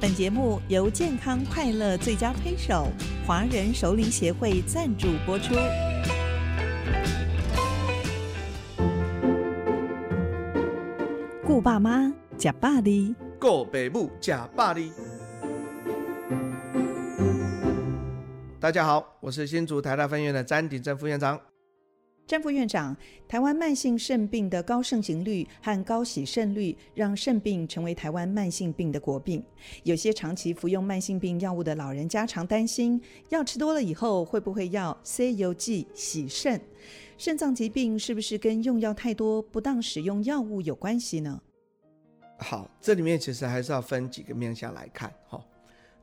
本節目由健康快樂最佳推手華人熟齡協會贊助播出。顧爸媽，吃百里，顧北母，吃百里。大家好，我是新竹台大分院的詹鼎正副院長。詹副院長，台灣慢性腎病的高盛行率和高洗腎率，讓腎病成為台灣慢性病的國病。有些長期服用慢性病藥物的老人家常擔心，藥吃多了以後會不會要 C U G 洗腎？腎臟疾病是不是跟用藥太多、不當使用藥物有關係呢？好，這裡面其實還是要分幾個面向來看。哈，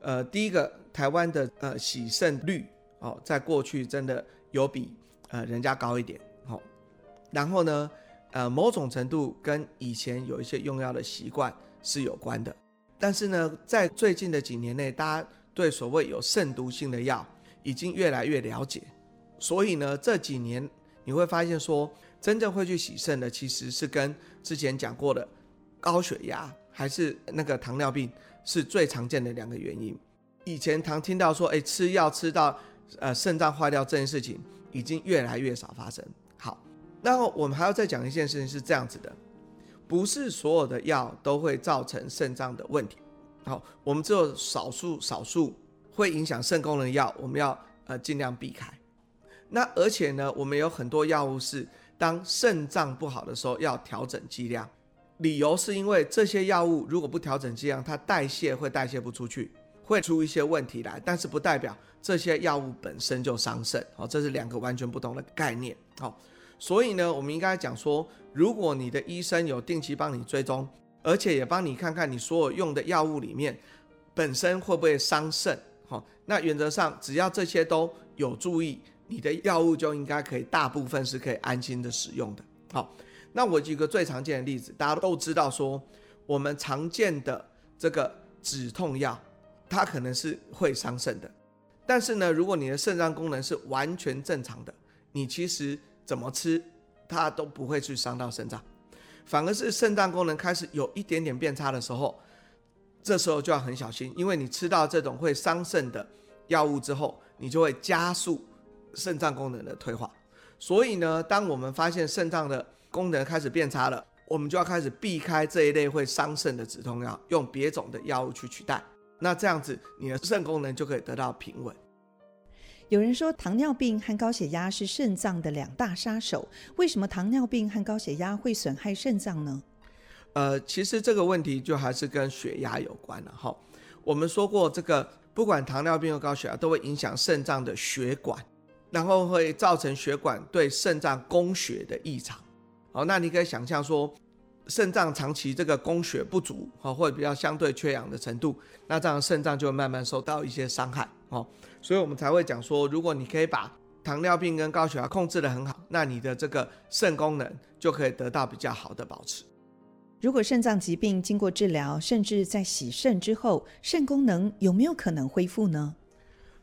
呃，第一個，台灣的呃洗腎率，哦、呃，在過去真的有比。呃，人家高一點好，然後呢，呃，某種程度跟以前有一些用藥的習慣是有關的，但是呢，在最近的幾年內，大家對所謂有腎毒性的藥已經越來越了解，所以呢，這幾年你會發現說，真正會去洗腎的其實是跟之前講過的高血壓還是那個糖尿病是最常見的兩個原因。以前常聽到說，哎，吃藥吃到，呃，腎臟壞掉這件事情。已經越來越少發生。好，那我們還要再講一件事情，是這樣子的，不是所有的藥都會造成腎臟的問題。好，我們只有少數少數會影響腎功能的藥，我們要呃儘量避開。那而且呢，我們有很多藥物是當腎臟不好的時候要調整劑量，理由是因為這些藥物如果不調整劑量，它代謝會代謝不出去。會出一些問題來，但是不代表這些藥物本身就傷腎，好，這是兩個完全不同的概念，好，所以呢，我們應該講說，如果你的醫生有定期幫你追蹤，而且也幫你看看你所有用的藥物裡面本身會不會傷腎，好，那原則上只要這些都有注意，你的藥物就應該可以大部分是可以安心的使用的，好，那我舉個最常見的例子，大家都知道說，我們常見的這個止痛藥。它可能是會傷腎的，但是呢，如果你的腎臟功能是完全正常的，你其實怎麼吃它都不會去傷到腎臟。反而是腎臟功能開始有一點點變差的時候，這時候就要很小心，因為你吃到這種會傷腎的藥物之後，你就會加速腎臟功能的退化。所以呢，當我們發現腎臟的功能開始變差了，我們就要開始避開這一類會傷腎的止痛藥，用別種的藥物去取代。那這樣子，你的腎功能就可以得到平穩。有人說糖尿病和高血壓是腎臟的兩大殺手，為什麼糖尿病和高血壓會損害腎臟呢？呃，其實這個問題就還是跟血壓有關了哈。我們說過，這個不管糖尿病和高血壓都會影響腎臟的血管，然後會造成血管對腎臟供血的異常。好，那你可以想象說。腎臟長期這個供血不足，哈，或者比較相對缺氧的程度，那這樣腎臟就會慢慢受到一些傷害，哦，所以我們才會講說，如果你可以把糖尿病跟高血壓控制得很好，那你的這個腎功能就可以得到比較好的保持。如果腎臟疾病經過治療，甚至在洗腎之後，腎功能有沒有可能恢復呢？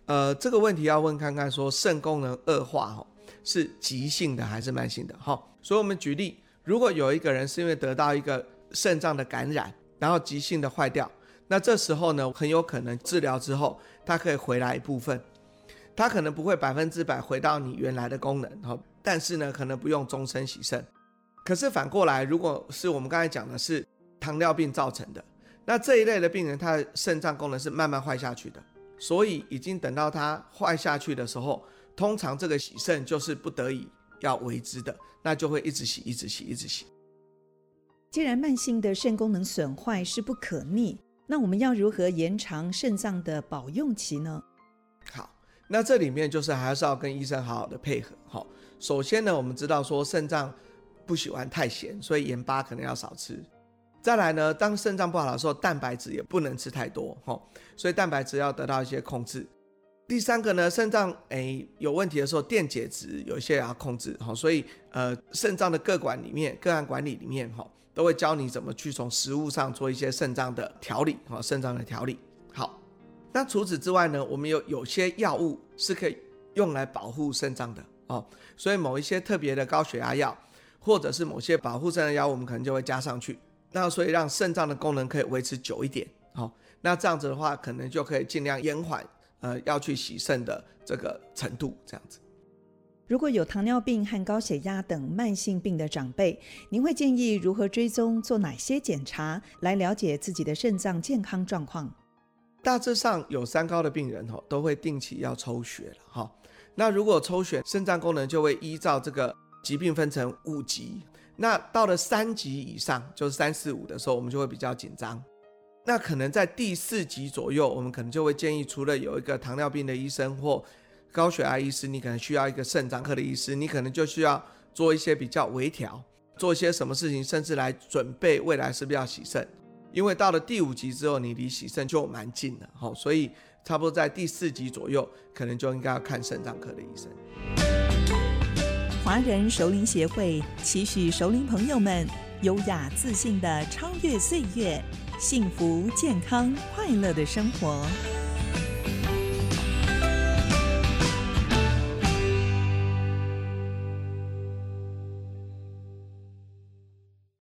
呃，這個問題要問看看說，說腎功能惡化，哈，是急性的還是慢性的，哈，所以我們舉例。如果有一個人是因為得到一個腎臟的感染，然後急性的壞掉，那這時候呢，很有可能治療之後，他可以回來一部分，他可能不會百分之百回到你原來的功能，哈，但是呢，可能不用終身洗腎。可是反過來，如果是我們剛才講的是糖尿病造成的，那這一類的病人，他的腎臟功能是慢慢壞下去的，所以已經等到他壞下去的時候，通常這個洗腎就是不得已。要維持的，那就會一直洗，一直洗，一直洗。既然慢性的腎功能損壞是不可逆，那我們要如何延長腎臟的保用期呢？好，那這裡面就是還是要跟醫生好好的配合。哈，首先呢，我們知道說腎臟不喜歡太鹹，所以鹽巴可能要少吃。再來呢，當腎臟不好的時候，蛋白質也不能吃太多。哈，所以蛋白質要得到一些控制。第三個呢，腎臟哎有問題的時候，電解質有一些要控制哈、哦，所以呃，腎臟的個管裡面，個案管理裡面哈、哦，都會教你怎麼去從食物上做一些腎臟的調理哈，腎臟的調理好。那除此之外呢，我們有有些藥物是可以用來保護腎臟的哦，所以某一些特別的高血壓藥，或者是某些保護腎的藥物，我們可能就會加上去，那所以讓腎臟的功能可以維持久一點好、哦，那這樣子的話，可能就可以盡量延緩。呃，要去洗腎的這個程度，這樣子。如果有糖尿病和高血壓等慢性病的長輩，您會建議如何追蹤，做哪些檢查來了解自己的腎臟健康狀況？大致上有三高的病人吼，都會定期要抽血了哈。那如果抽血，腎臟功能就會依照這個疾病分成五級，那到了三級以上，就是三四五的時候，我們就會比較緊張。那可能在第四級左右，我們可能就會建議，除了有一個糖尿病的醫生或高血壓醫師，你可能需要一個腎臟科的醫師，你可能就需要做一些比較微調，做一些什麼事情，甚至來準備未來是不是要洗腎，因為到了第五級之後，你離洗腎就蠻近了哈，所以差不多在第四級左右，可能就應該要看腎臟科的醫生。華人熟齡協會期許熟齡朋友們優雅自信的超越歲月，幸福、健康、快樂的生活。